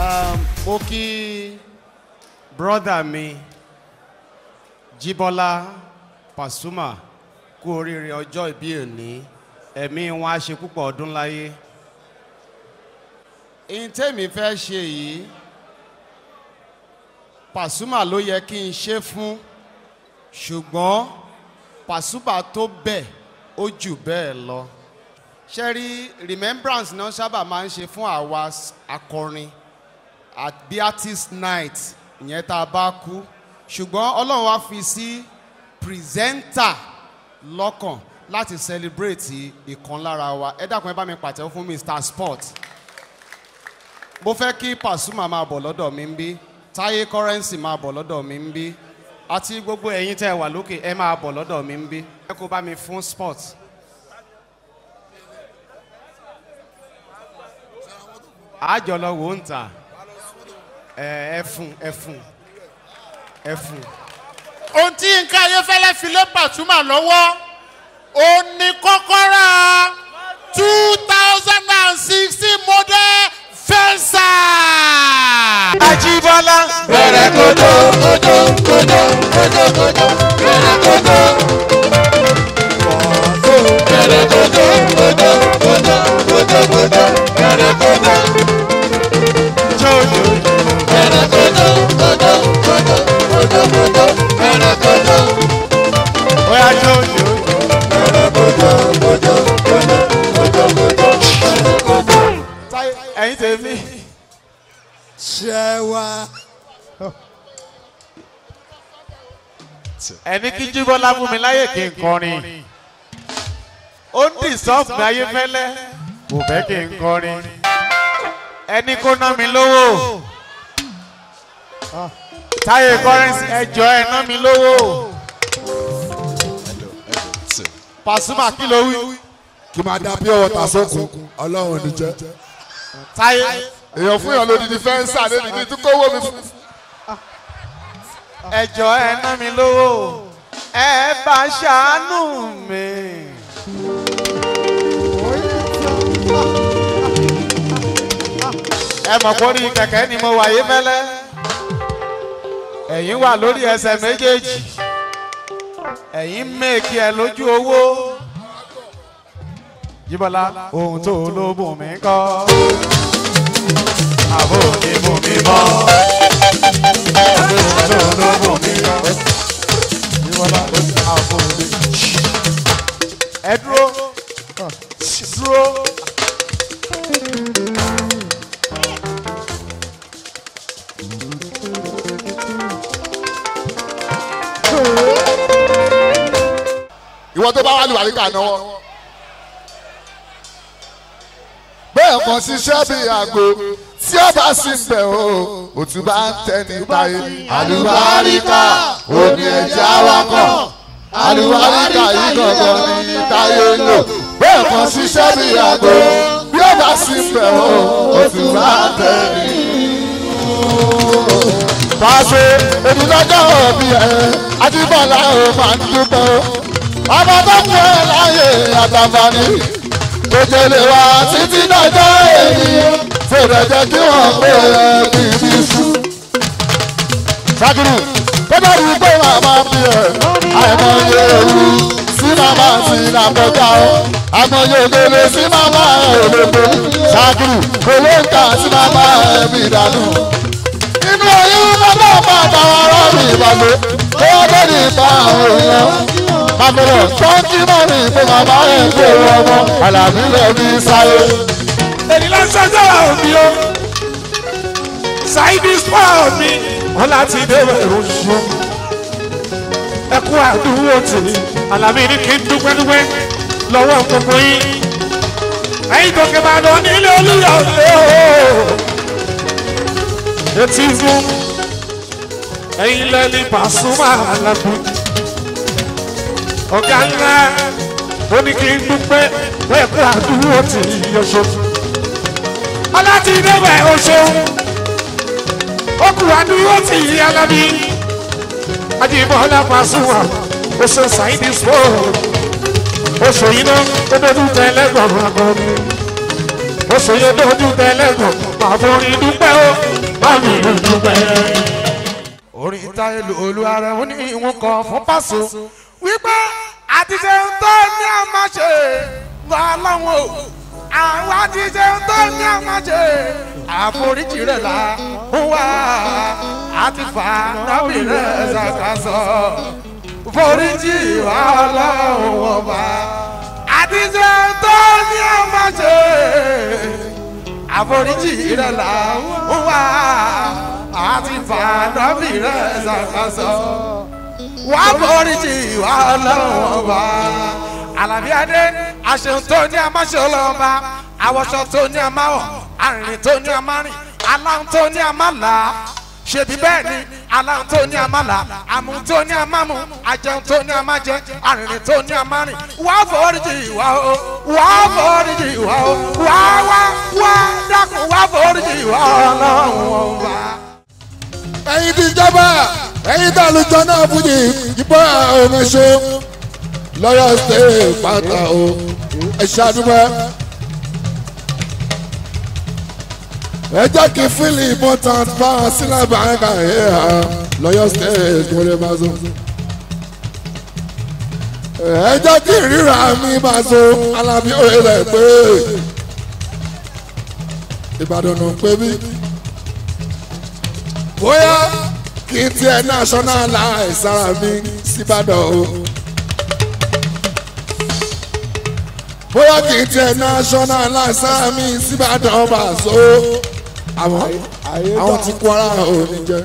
Um, mo kí brọ́dà mi Jíbọ́lá Pasuma kú oríire ọjọ́ ìbí òní ẹ̀mí wọn á ṣe púpọ̀ ọdún láyé ihun tẹ́mi fẹ́ ṣe yìí Pasuma ló yẹ kí n ṣe fún ṣùgbọ́n Pasuma tó bẹ́ẹ̀ ó jù bẹ́ẹ̀ lọ ṣe rí remembrance náà sábà máa ń ṣe fún àwa akọrin At artist night ìyẹn tá a bá kú ṣùgbọ́n ọlọ́run wá fi sí pírẹsẹ́ńtà lọ́kàn láti celebrate ìkan lára wa ẹ dákun ẹ bá mi pàtẹ́wọ́ fún Mr Sport mo fẹ́ kí Pasuma máa bọ̀ lọ́dọ̀ mi ń bí Táyé Currency máa bọ̀ lọ́dọ̀ mi ń bí àti gbogbo ẹ̀yin tẹ́ ẹ wà lókè ẹ máa bọ̀ lọ́dọ̀ mi ń bí ẹ kó bá mi fún Sport. àjọlọ wò ń ta ẹfun ẹfun ẹfun. ohun tí nǹkan ayéfẹ́lẹ́ fi lé Pasuma lọ́wọ́ òun ni kọ́kọ́rọ́ two thousand and sixteen model Venza. Ajibola. bẹ̀rẹ̀ kodo kodo kodo kodo kodo bẹ̀rẹ̀ kodo. ṣe wá. ẹni kí jubọlá fún mi láyè kí n kọrin ó ń dì sọ́ọ̀bù ayéfẹ́lẹ́ kò fẹ́ kí n kọrin ẹni kó ná mi lówó táyé kọrin ẹjọ́ ẹ ná mi lówó. Pasuma kí ló wí. kí máa dá bí ọwọ́ ta sókun ọlọ́run ò ní jẹ́. táyé èèyàn fún yàn lódìdí fẹ́ǹsà lódìdí tó kówó mi fún. ẹjọ ẹ ná mi lówó ẹ bá ṣàánú mi. ẹ mọ̀ kó rí kẹ̀kẹ́ ni mo wà yí fẹ́lẹ́ ẹ̀yin wà lórí ẹsẹ̀ méjèèjì ẹ̀yin mèkì ẹ̀ lójú owó yíbọlá ohun tó lóbùn mi kọ́ àbò ní mú mi mọ́. Àbò ló mú mi mọ́. Ìwọ́lá ó ti Ìwọ́n tó bá wà lùwàlí kà náwó. téèkàn ṣiṣẹ́ bí àgbo tí ó bá sì ń bẹ̀ o òtún bá ń tẹ́ ní báyìí. àlùbáríkà òní ẹ̀jẹ̀ awakọ̀ àlùbáríkà yìí gangan ni táyé ń lò bẹ́ẹ̀ kan ṣiṣẹ́ bí àgbo bí ó bá sì ń bẹ̀ o òtún bá ń tẹ́ ní. Fàṣẹ ènìyànjọ́ òbí ẹ̀ Ajíbọ̀lá ò máa ń dúpẹ́ o. Ọmọ láyé àtàǹfààní. Kòjè lè wà títí dájọ́ èyí. Fèrèjẹ kí wọ́n pè é bí bísú. Sakiru, kọjá ìlú pé màmá fi ẹ̀ àìmọye ewu sí màmá sí làkọjá o. Àmọye òkèlè sí màmá ẹ̀ òlòpọ̀. Sakiru, kò ló ń kà sí màmá ẹ̀ bí ìdánù. Inú oyún bàbá àpàtà ọ̀rọ̀ mi ìbàgbé. Kó o tó ìbá àwọn èèyàn. Màmúlò tọ́jú náà ní ìpín màmá rẹ̀ ń pè ọmọ Àlàbí rẹ̀ ní sáyé. Èmi lọ sọ́jọ́ òbí o, Ṣáídì sọ́ mi, wọ́n láti dé ẹ̀rù ṣọ́. Ẹ kú àdúgbò tì, Àlàbí ní kí n dúpẹ́ dúpẹ́ lọ́wọ́ gbogbo yín. Ẹ̀yin tó kẹ́ máa lọ nílé olúyọ̀ ooo. Etí fún ẹ̀yin lẹ́ni Pàṣùmá Àlàbí ọ̀gá ńlá ó ní kí n dúpẹ́ pẹ̀lú àdúró ti yọṣọ. aláti débẹ̀ oṣoun ó kù àdúró ti alábí Ajíbọ́lá Pasuma oṣù Saheed sport oṣù yìí náà ó dojú tẹ ẹlẹ́gbọ̀n àgọ́ni oṣù yìí ó dojú tẹ ẹlẹ́gbọ̀n àforí dúpẹ́ ó bá mi dúpẹ́. orin Táyé Olúwarẹ̀ ó ní ìwọ̀n kan fún Paso wípé àtìṣe ń tó ní àmàṣe gbọ́ ọlọ́run o àwọn àtìṣe ń tó ní àmàṣe àforíjì rẹ̀ là ń wá àti fà nábì rẹ̀ ṣàkàṣọ foríjì wà ọlọ́run ọba àtìṣe ń tó ní àmàṣe àforíjì rẹ̀ là ń wá àti fà nábì rẹ̀ ṣàkàṣọ wà á foríjì wà á lọ́wọ́ ọba. Àlàbí Adé aṣeun tó ní amáṣe ọlọ́ọ̀ba awọṣọ tó ní amáwọ̀ arìnrìn tó ní amárìn aláhùn tó ní amálà ṣèbí bẹ́ẹ̀ ni aláhùn tó ní amálà àmú tó ní amámu ajẹun tó ní amájẹ arìnrìn tó ní amárìn wà á foríjì wà ó wà á foríjì wà ó wà wá wá dákun wà á foríjì wà ó ọlọ́run ọba. ẹ̀yin ti jọba ẹ̀yin tá a lù jọ náà fújì ìbá ọmọṣẹ́ lọ́yọ̀ ṣe pátá o ẹ ṣàdúpẹ́. ẹ jẹ́ kí fílì important power sílẹ̀ bàákà ẹ̀ hà lọ́yọ̀ ṣe kúrẹ́ bá so. ẹ jẹ́ kí ríra mi bá so alábí òye rẹ̀ pé Ìbàdàn ò pé bí. bóyá kí n tiẹ̀ national àìsára mi síbàdàn o. bóyá kí n tiẹ̀ national àìsára mi síbàdàn bàṣọ àwọn ti kó ara òní jẹ.